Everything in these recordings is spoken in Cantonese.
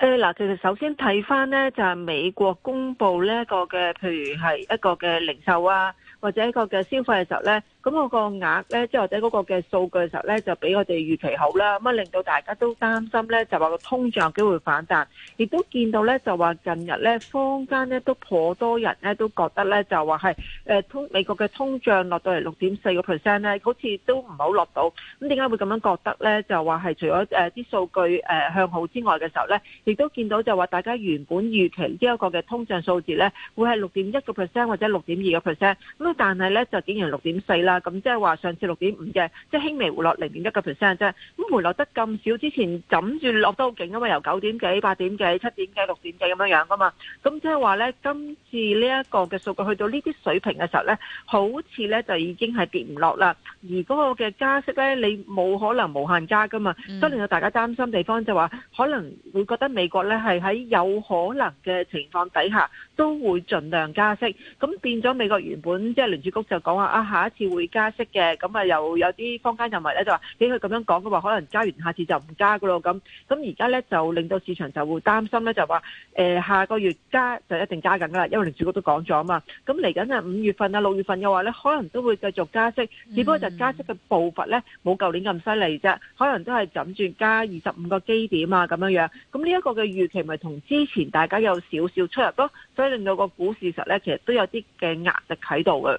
誒，嗱、呃，其實首先睇翻咧，就係、是、美國公布咧一個嘅，譬如係一個嘅零售啊，或者一個嘅消費嘅時候咧。咁我個額呢，即係或者嗰個嘅數據嘅時候呢，就比我哋預期好啦。咁啊令到大家都擔心呢，就話個通脹有機會反彈，亦都見到呢，就話近日呢，坊間呢都頗多人呢，都覺得呢，就話係誒通美國嘅通脹落到嚟六點四個 percent 呢，好似都唔好落到。咁點解會咁樣覺得呢？就話係除咗誒啲數據誒、呃、向好之外嘅時候呢，亦都見到就話大家原本預期呢一個嘅通脹數字呢，會係六點一個 percent 或者六點二個 percent，咁但係呢，就竟然六點四啦。咁即係話上次六點五嘅，即係輕微回落零點一個 percent 啫。咁回落得咁少，之前諗住落都好勁啊嘛，由九點幾、八點幾、七點幾、六點幾咁樣樣噶嘛。咁即係話咧，今次呢一個嘅數據去到呢啲水平嘅時候咧，好似咧就已經係跌唔落啦。而嗰個嘅加息咧，你冇可能無限加噶嘛。所以令到大家擔心地方就話，可能會覺得美國咧係喺有可能嘅情況底下，都會盡量加息。咁變咗美國原本即係聯儲局就講話啊，下一次會。加息嘅。咁啊又有啲坊間人物咧，就話，俾佢咁樣講嘅話，可能加完下次就唔加噶咯，咁咁而家咧就令到市場就會擔心咧，就話誒、呃、下個月加就一定加緊噶啦，因為連主角都講咗啊嘛，咁嚟緊啊五月份啊六月份嘅話咧，可能都會繼續加息，只不過就加息嘅步伐咧冇舊年咁犀利啫，可能都係諗住加二十五個基點啊咁樣樣，咁呢一個嘅預期咪同之前大家有少少出入咯，所以令到個股市實咧其實都有啲嘅壓力喺度嘅。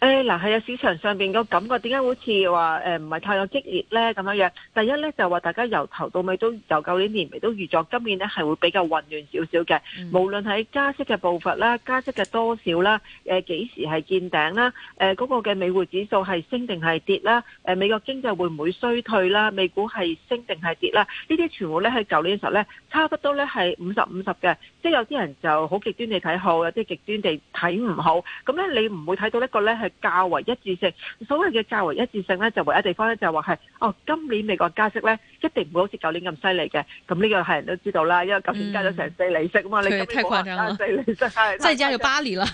誒，嗱係啊，市場上邊個感覺點解好似話誒唔係太有激烈咧咁樣樣？第一咧就話大家由頭到尾都由舊年年尾都預咗今年咧係會比較混亂少少嘅。無論喺加息嘅步伐啦、加息嘅多少啦、誒幾時係見頂啦、誒嗰個嘅美匯指數係升定係跌啦、誒美國經濟會唔會衰退啦、美股係升定係跌啦？呢啲全部咧喺舊年嘅時候咧，差不多咧係五十五十嘅，即係有啲人就好極端地睇好，有啲極端地睇唔好。咁咧你唔會睇到一個咧係。較為一致性，所謂嘅較為一致性咧，就唯一地方咧就話、是、係，哦，今年美國加息咧一定唔會好似舊年咁犀利嘅，咁呢個係人都知道啦，因為舊年加咗成四厘息啊嘛，嗯、你今年冇加四厘息，即再加咗八厘啦，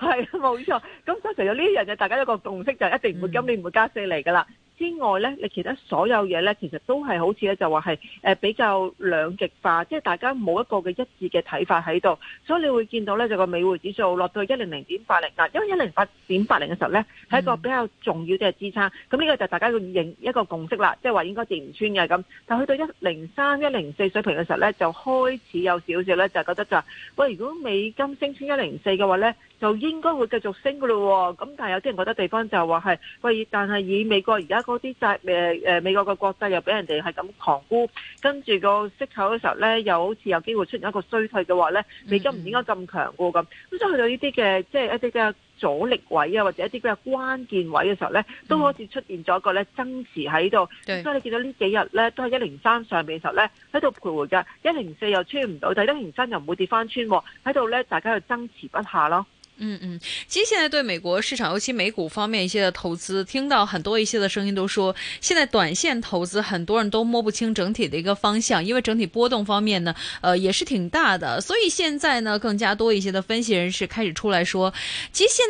係冇錯，咁所以除咗呢樣嘢，大家一個共識就是一定唔會、嗯、今年唔會加四厘噶啦。之外咧，你其他所有嘢咧，其實都係好似咧，就話係誒比較兩極化，即、就、係、是、大家冇一個嘅一致嘅睇法喺度，所以你會見到咧就個、是、美匯指數落到一零零點八零喇，因為一零八點八零嘅時候咧係一個比較重要嘅支撐，咁呢、嗯、個就大家要認一個共識啦，即係話應該跌唔穿嘅咁，但去到一零三、一零四水平嘅時候咧，就開始有少少咧就覺得就話，喂，如果美金升穿一零四嘅話咧，就應該會繼續升嘅咯喎，咁但係有啲人覺得地方就話係喂，但係以美國而家嗰啲債美、呃、美國嘅國債又俾人哋係咁狂沽，跟住個息口嘅時候咧，又好似有機會出現一個衰退嘅話咧，美金唔應該咁強喎。咁，咁所以去到呢啲嘅即係一啲嘅。就是阻力位啊，或者一啲嘅較關鍵位嘅時候呢，都好似出現咗一個呢增持喺度。嗯、所以你見到呢幾日呢，都係一零三上邊嘅時候呢，喺度徘徊噶。一零四又穿唔到，但係一零三又唔會跌翻穿，喺度呢，大家去爭持不下咯。嗯嗯，其實現在對美國市場，尤其美股方面一些嘅投資，聽到很多一些嘅聲音，都說現在短線投資，很多人都摸不清整體的一個方向，因為整體波動方面呢，呃，也是挺大的。所以現在呢，更加多一些的分析人士開始出來說，其實現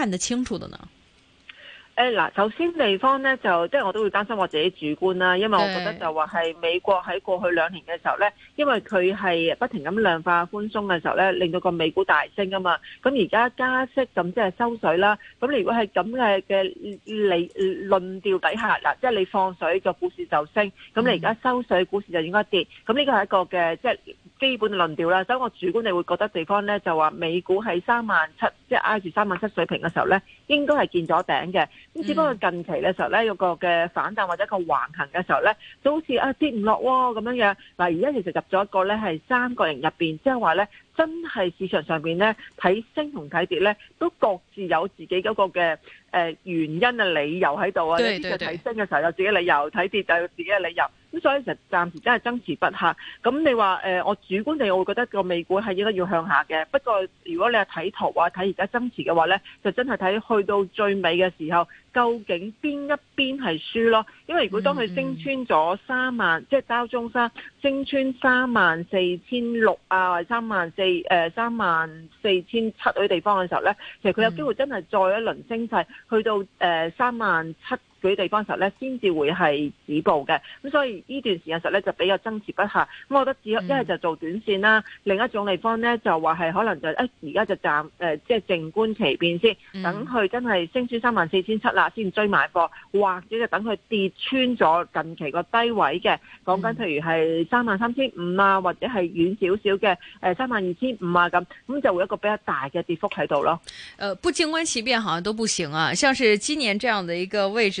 看得清楚的呢？誒嗱、呃，首先地方咧就，即係我都會擔心我自己主觀啦，因為我覺得就話係美國喺過去兩年嘅時候咧，因為佢係不停咁量化寬鬆嘅時候咧，令到個美股大升啊嘛。咁而家加息咁即係收水啦。咁你如果係咁嘅嘅理論調底下，嗱，即係你放水個股市就升，咁你而家收水股市就應該跌。咁呢、嗯、個係一個嘅即係。基本嘅論調啦，所以我主觀你會覺得地方咧就話美股係三萬七，即係挨住三萬七水平嘅時候咧，應該係見咗頂嘅。咁、嗯、只不過近期嘅時候咧，有個嘅反彈或者個橫行嘅時候咧，都好似啊跌唔落喎咁樣樣。嗱，而家其實入咗一個咧係三角形入面，即係話咧真係市場上面咧睇升同睇跌咧，都各自有自己嗰個嘅。誒、呃，原因嘅理由喺度啊，有啲睇升嘅時候有自己理由，睇跌就有自己嘅理由，咁所以其實暫時真係爭持不下。咁、嗯、你話誒、呃，我主觀地我會覺得個美股係應該要向下嘅。不過如果你係睇圖或睇而家增持嘅話咧，就真係睇去到最尾嘅時候。究竟邊一邊係輸咯？因為如果當佢升穿咗三萬，mm hmm. 即係交中山升穿三萬四千六啊，或者三萬四誒三萬四千七嗰啲地方嘅時候咧，其實佢有機會真係再一輪升勢，去到誒三萬七。佢地方時候咧，先至會係止步嘅。咁所以呢段時間實咧就比較爭持不下。咁我覺得只一係就做短線啦，嗯、另一種地方咧就話係可能就誒而家就暫誒即係靜觀其變先，等佢真係升穿三萬四千七啦，先追埋貨，或者就等佢跌穿咗近期個低位嘅。講緊譬如係三萬三千五啊，或者係遠少少嘅誒三萬二千五啊咁，咁、呃、就會一個比較大嘅跌幅喺度咯。誒、呃、不靜觀其變好像都不行啊！像是今年這樣的嘅一個位置。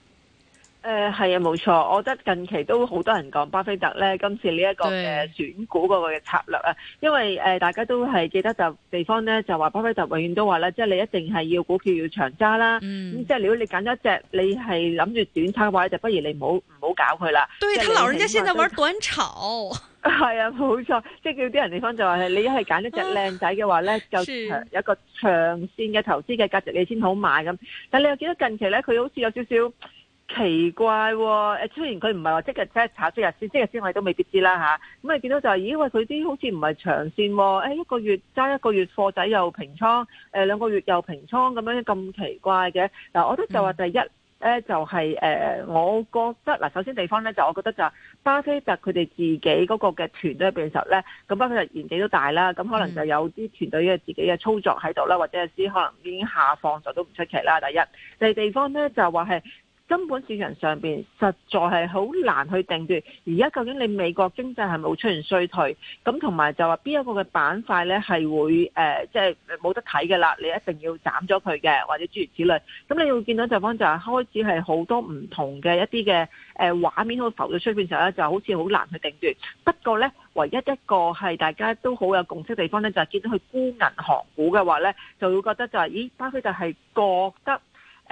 誒，係、呃、啊，冇錯，我覺得近期都好多人講巴菲特咧，今次呢一個嘅選股嗰個嘅策略啊，對因為誒、呃，大家都係記得就地方咧就話巴菲特永遠都話咧，即、就、係、是、你一定係要股票要長揸啦，咁、嗯嗯、即係如果你揀一隻你係諗住短炒嘅話就不如你唔好唔好搞佢啦。對他老人家現在玩短炒，係啊就，冇錯，即係、就是、叫啲人地方就 你話你一係揀一隻靚仔嘅話咧，就 是有一個長線嘅投資嘅價值你先好買咁。但係你又記得近期咧，佢好似有少少。奇怪喎！誒，雖然佢唔係話即日即係炒，即日先即日先，我哋都未必知啦吓，咁、啊、你見到就係、是，咦喂！佢啲好似唔係長線喎、哎。一個月揸一個月貨仔又平倉，誒兩個月又平倉咁樣咁奇怪嘅嗱、啊，我覺得就話第一咧就係、是、誒、呃，我覺得嗱，首先地方咧就我覺得就巴菲特佢哋自己嗰個嘅團隊嘅時候咧，咁巴菲特年紀都大啦，咁可能就有啲團隊嘅自己嘅操作喺度啦，或者有啲可能已經下放咗都唔出奇啦。第一第二地方咧就話係。根本市場上邊實在係好難去定奪，而家究竟你美國經濟係冇出現衰退，咁同埋就話邊一個嘅板塊呢係會誒，即係冇得睇嘅啦，你一定要斬咗佢嘅，或者諸如此類。咁你會見到地方就係開始係好多唔同嘅一啲嘅誒畫面都浮到出邊時候咧，就好似好難去定奪。不過呢，唯一一個係大家都好有共識地方呢，就係見到佢沽銀行股嘅話呢，就會覺得就係咦，巴菲特係覺得。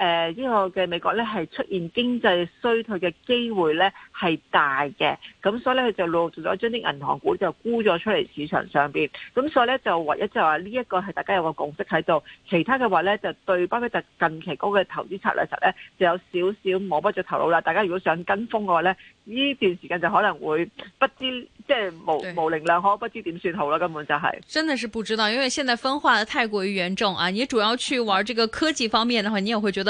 誒呢、呃這個嘅美國咧係出現經濟衰退嘅機會咧係大嘅，咁所以咧佢就落咗將啲銀行股就沽咗出嚟市場上面。咁所以咧就唯一就係話呢一個係大家有個共識喺度，其他嘅話咧就對，包括特近期嗰個投資策略實咧就有少少摸不着頭腦啦。大家如果想跟風嘅話咧，呢段時間就可能會不知即係無對無力量可不知點算好啦，根本就係、是。真的是不知道，因為現在分化得太過於嚴重啊！你主要去玩這個科技方面的話你也會覺得。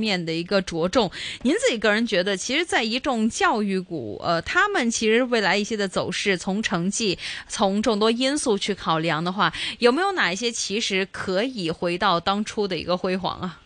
面的一個着重，您自己個人覺得，其實，在一衆教育股，呃，他們其實未來一些的走勢，從成績、從衆多因素去考量的話，有沒有哪一些其實可以回到當初的一個輝煌啊？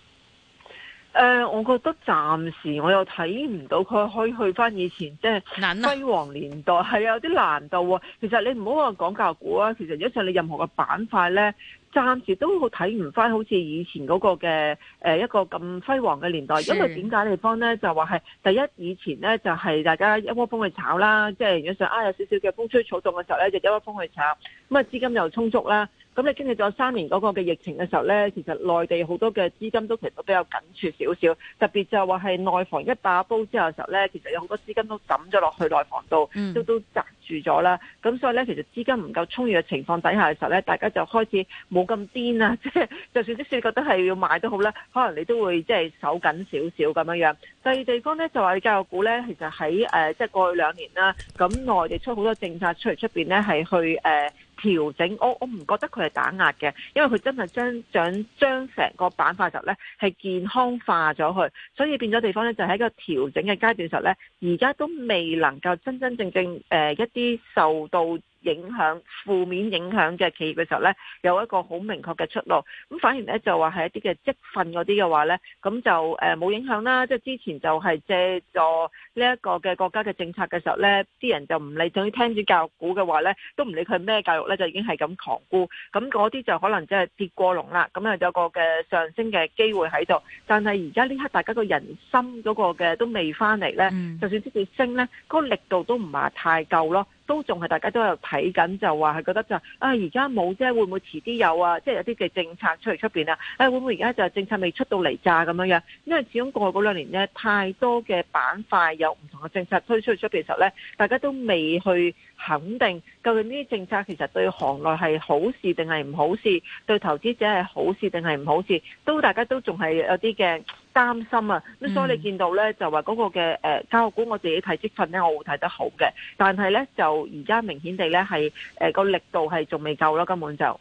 呃，我覺得暫時我又睇唔到佢可以去翻以前即係輝煌年代是點、哦，係有啲難度、啊。其實你唔好話講教股啊，其實以上你任何嘅板塊咧。暫時都睇唔返好似以前嗰個嘅誒一個咁輝煌嘅年代，因為點解地方咧？就話係第一以前咧就係大家一窩蜂去炒啦，即係如果想啊有少少嘅風吹草動嘅時候咧就一窩蜂去炒，咁啊資金又充足啦。咁你經歷咗三年嗰個嘅疫情嘅時候咧，其實內地好多嘅資金都其實都比較緊缺少少，特別就係話係內房一打煲之後嘅時候咧，其實有好多資金都抌咗落去內房度，都都紮住咗啦。咁所以咧，其實資金唔夠充裕嘅情況底下嘅時候咧，大家就開始冇咁癲啊，即係就算即使你覺得係要買都好啦，可能你都會即係守緊少少咁樣樣。第二地方咧就話教育股咧，其實喺呃即係過去兩年啦，咁內地出好多政策出嚟出面咧係去、呃調整，我我唔覺得佢係打壓嘅，因為佢真係將將將成個板塊實咧係健康化咗去，所以變咗地方咧就喺、是、一個調整嘅階段的時候咧，而家都未能夠真真正正誒、呃、一啲受到。影響負面影響嘅企業嘅時候咧，有一個好明確嘅出路。咁反而咧就說是一些的那些的話係一啲嘅積分嗰啲嘅話咧，咁就誒冇、呃、影響啦。即係之前就係借助呢一個嘅國家嘅政策嘅時候咧，啲人就唔理，對於聽住教育股嘅話咧，都唔理佢咩教育咧，就已經係咁狂沽。咁嗰啲就可能即係跌過龍啦。咁啊有個嘅上升嘅機會喺度，但係而家呢刻大家個人心嗰個嘅都未翻嚟咧。嗯、就算即佢升咧，嗰、那個力度都唔係太夠咯。都仲係大家都有睇緊，就話係覺得就啊、是，而家冇啫，會唔會遲啲有啊？即、就、係、是、有啲嘅政策出嚟出面啊？誒、哎，會唔會而家就政策未出到嚟咋咁樣樣？因為始終過去嗰兩年呢，太多嘅板塊有唔同嘅政策推出去出邊時候呢，大家都未去肯定究竟呢啲政策其實對行內係好事定係唔好事，對投資者係好事定係唔好事，都大家都仲係有啲嘅。擔心啊，咁、嗯、所以你見到咧就話嗰個嘅誒，教育股我自己睇積分咧，我會睇得好嘅，但係咧就而家明顯地咧係誒個力度係仲未夠咯，根本就。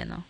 誒、嗯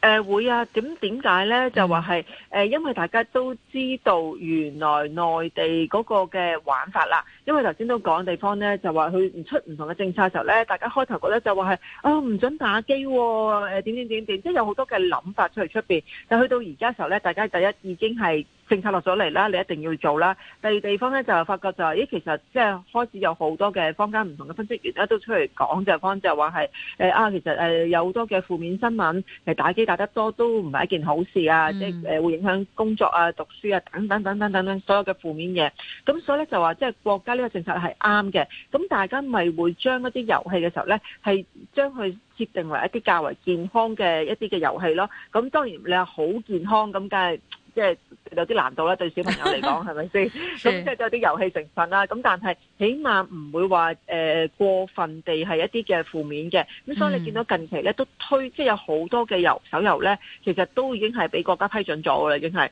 呃，會啊？咁點解呢？就話係誒，因為大家都知道原來內地嗰個嘅玩法啦。因為頭先都講地方呢，就話佢唔出唔同嘅政策嘅時候呢，大家開頭覺得就話係、哦、啊，唔準打機喎，點點點點，即係有好多嘅諗法出嚟出邊。但去到而家時候呢，大家第一已經係。政策落咗嚟啦，你一定要做啦。第二地方咧就發覺就係，咦，其實即係開始有好多嘅坊間唔同嘅分析員咧都出嚟講，就方就話係誒啊，其實誒有好多嘅負面新聞，打機打得多都唔係一件好事啊，嗯、即係誒會影響工作啊、讀書啊等等等等等等所有嘅負面嘢。咁所以咧就話即係國家呢個政策係啱嘅。咁大家咪會將一啲遊戲嘅時候咧，係將佢設定為一啲較為健康嘅一啲嘅遊戲咯。咁當然你話好健康，咁梗係。即係有啲難度啦，對小朋友嚟講係咪先？咁即係有啲遊戲成分啦。咁但係起碼唔會話誒、呃、過分地係一啲嘅負面嘅。咁所以你見到近期咧都推，即係有好多嘅遊手遊咧，其實都已經係俾國家批准咗㗎啦，已經係、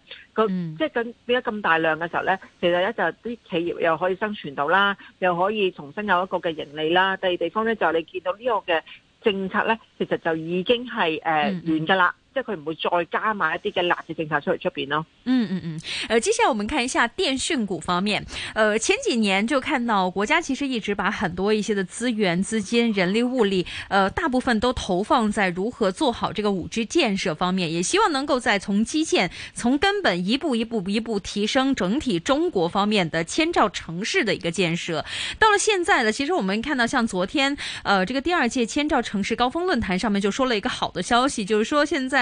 嗯、即係咁，而家咁大量嘅時候咧，其實咧就啲企業又可以生存到啦，又可以重新有一個嘅盈利啦。第二地方咧就你見到呢個嘅政策咧，其實就已經係誒、呃嗯、完㗎啦。即係佢唔會再加埋一啲嘅辣政策出嚟出邊咯。嗯嗯嗯，呃，接下來我們看一下電訊股方面。呃，前幾年就看到國家其實一直把很多一些的資源、資金、人力、物力，呃，大部分都投放在如何做好這個五 G 建設方面，也希望能夠再從基建從根本一步一步一步一步提升整體中國方面的千兆城市的一個建設。到了現在呢，其實我們看到，像昨天，呃，這個第二屆千兆城市高峰論壇上面就說了一個好的消息，就是說現在。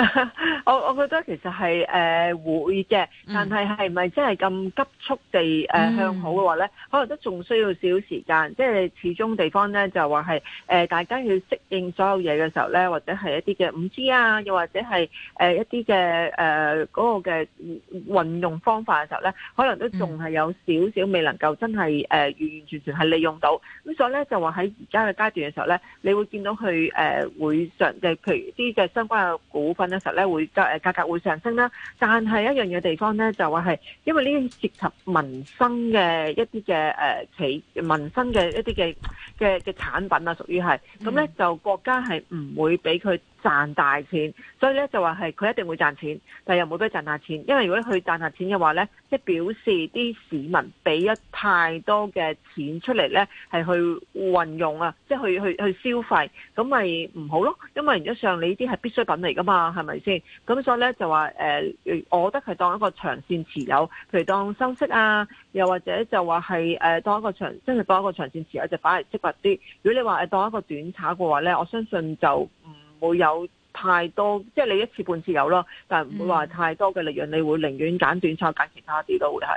我我覺得其實係誒、呃、會嘅，但係係咪真係咁急速地誒、呃嗯、向好嘅話咧？可能都仲需要少時間，即係始終地方咧就話係誒大家要適應所有嘢嘅時候咧，或者係一啲嘅五 G 啊，又或者係一啲嘅誒嗰個嘅運用方法嘅時候咧，可能都仲係有少少未能夠真係誒完完全全係利用到。咁所以咧就話喺而家嘅階段嘅時候咧，你會見到佢誒、呃、會上嘅譬如啲嘅相關嘅股份。實咧會誒、價格會上升啦，但係一樣嘢地方咧就話、是、係因為呢啲涉及民生嘅一啲嘅誒企民生嘅一啲嘅嘅嘅產品啊，屬於係咁咧，就國家係唔會俾佢，賺大錢，所以咧就話係佢一定會賺錢，但又冇俾佢賺下錢，因為如果佢賺下錢嘅話咧，即係表示啲市民俾一太多嘅錢出嚟咧，係去運用啊，即係去去去消費，咁咪唔好咯。因為原則上你呢啲係必需品嚟噶嘛，係咪先？咁所以咧就話誒、呃，我覺得係當一個長線持有，譬如當收息啊，又或者就話係誒當一個長，真係當一個長線持有就反而積薄啲。如果你話係當一個短炒嘅話咧，我相信就，會有太多，即係你一次半次有咯，但係唔會話太多嘅利潤，你會寧願揀短炒，揀其他啲都會係。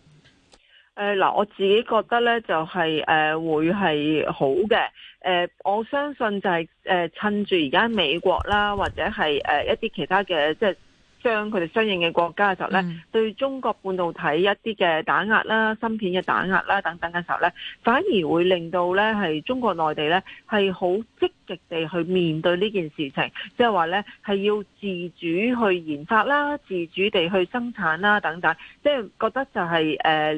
誒，嗱、呃，我自己覺得咧就係、是，誒、呃，會係好嘅。誒、呃，我相信就係、是，誒、呃，趁住而家美國啦，或者係誒、呃、一啲其他嘅，即係。將佢哋相應嘅國家嘅時候咧，嗯、對中國半導體一啲嘅打壓啦、芯片嘅打壓啦等等嘅時候咧，反而會令到咧係中國內地咧係好積極地去面對呢件事情，即係話咧係要自主去研發啦、自主地去生產啦等等，即係覺得就係誒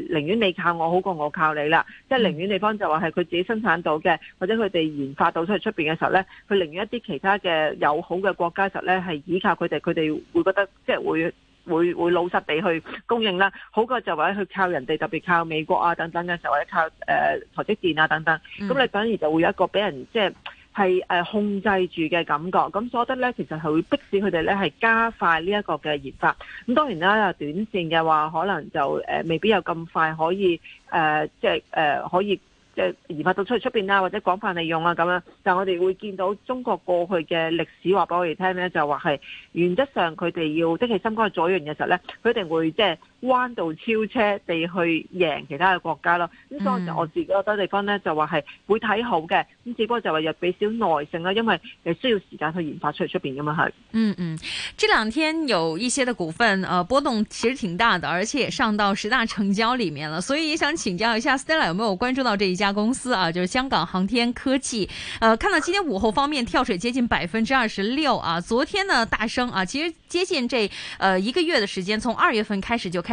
寧願你靠我好過我靠你啦，即係寧願地方就話係佢自己生產到嘅，或者佢哋研發到出去出邊嘅時候咧，佢寧願一啲其他嘅友好嘅國家時候咧係依靠佢哋，佢哋會覺得。即係會會會老實地去供應啦，好過就或者去靠人哋，特別靠美國啊等等嘅，就或者靠誒、呃、台積電啊等等。咁、嗯、你反而就會有一個俾人即係係誒控制住嘅感覺。咁所得呢，其實係會迫使佢哋呢係加快呢一個嘅研發。咁當然啦，短綫嘅話可能就誒、呃、未必有咁快可以誒、呃、即係誒、呃、可以。即係移發到出去出邊啦，或者廣泛利用啊咁樣，但係我哋會見到中國過去嘅歷史話俾我哋聽咧，就話係原則上佢哋要的起心肝去做一樣嘢嘅時候咧，佢哋會即、就係彎道超車地去贏其他嘅國家咯，咁嗰陣時我自己覺得地方呢，就話係會睇好嘅，咁、嗯、只不過就話要俾少耐性啦，因為誒需要時間去研發出嚟出邊咁啊係。嗯嗯，這兩天有一些嘅股份，誒、呃、波動其實挺大的，而且也上到十大成交裡面了，所以也想請教一下 Stella 有沒有關注到這一家公司啊？就是香港航天科技，誒、呃、看到今天午後方面跳水接近百分之二十六啊，昨天呢大升啊，其實接近這誒、呃、一個月嘅時間，從二月份開始就開。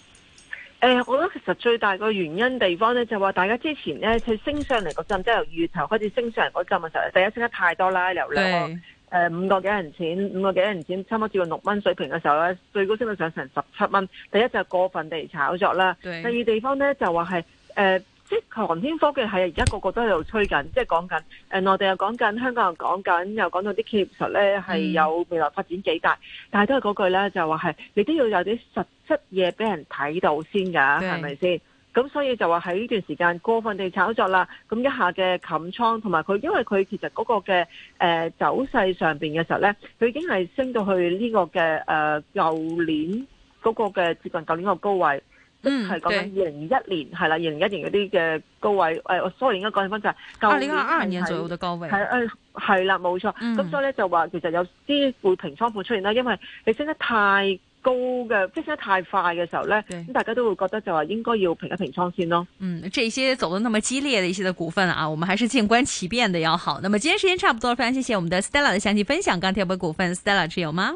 誒、哎，我覺得其實最大個原因地方咧，就話係大家之前咧，佢升上嚟嗰陣，即係由月頭開始升上嚟嗰陣嘅時候，第一升得太多啦，流量誒五個幾個銀錢，五個幾個銀錢，差唔多接近六蚊水平嘅時候咧，最高升到上成十七蚊。第一就過分地炒作啦，對第二地方咧就話係誒。呃即航天科技係而家個個都喺度吹緊，即係講緊，誒內地又講緊，香港又講緊，又講到啲技術咧係有未來發展幾大。嗯、但係都係嗰句咧就話係，你都要有啲實質嘢俾人睇到先噶，係咪先？咁所以就話喺呢段時間過分地炒作啦，咁一下嘅冚倉，同埋佢因為佢其實嗰個嘅誒、呃、走勢上邊嘅時候咧，佢已經係升到去呢個嘅誒舊年嗰個嘅接近舊年個高位。是嗯，係講緊二零二一年，係啦，二零二一年嗰啲嘅高位，誒、哎，我 sorry 應該講翻就係舊年二二年左右嘅高位，係誒，係啦，冇錯，咁所以咧就話，其實有啲會平倉盤出現啦，因為你升得太高嘅，即係升得太快嘅時候咧，咁對大家都會覺得就話應該要平一平倉先咯。嗯，這些走得那麼激烈的一些的股份啊，我們還是靜觀其變的要好。那麼今天時間差不多，非常謝謝我們的 Stella 的詳細分享，剛提到的股份 Stella 持有嗎？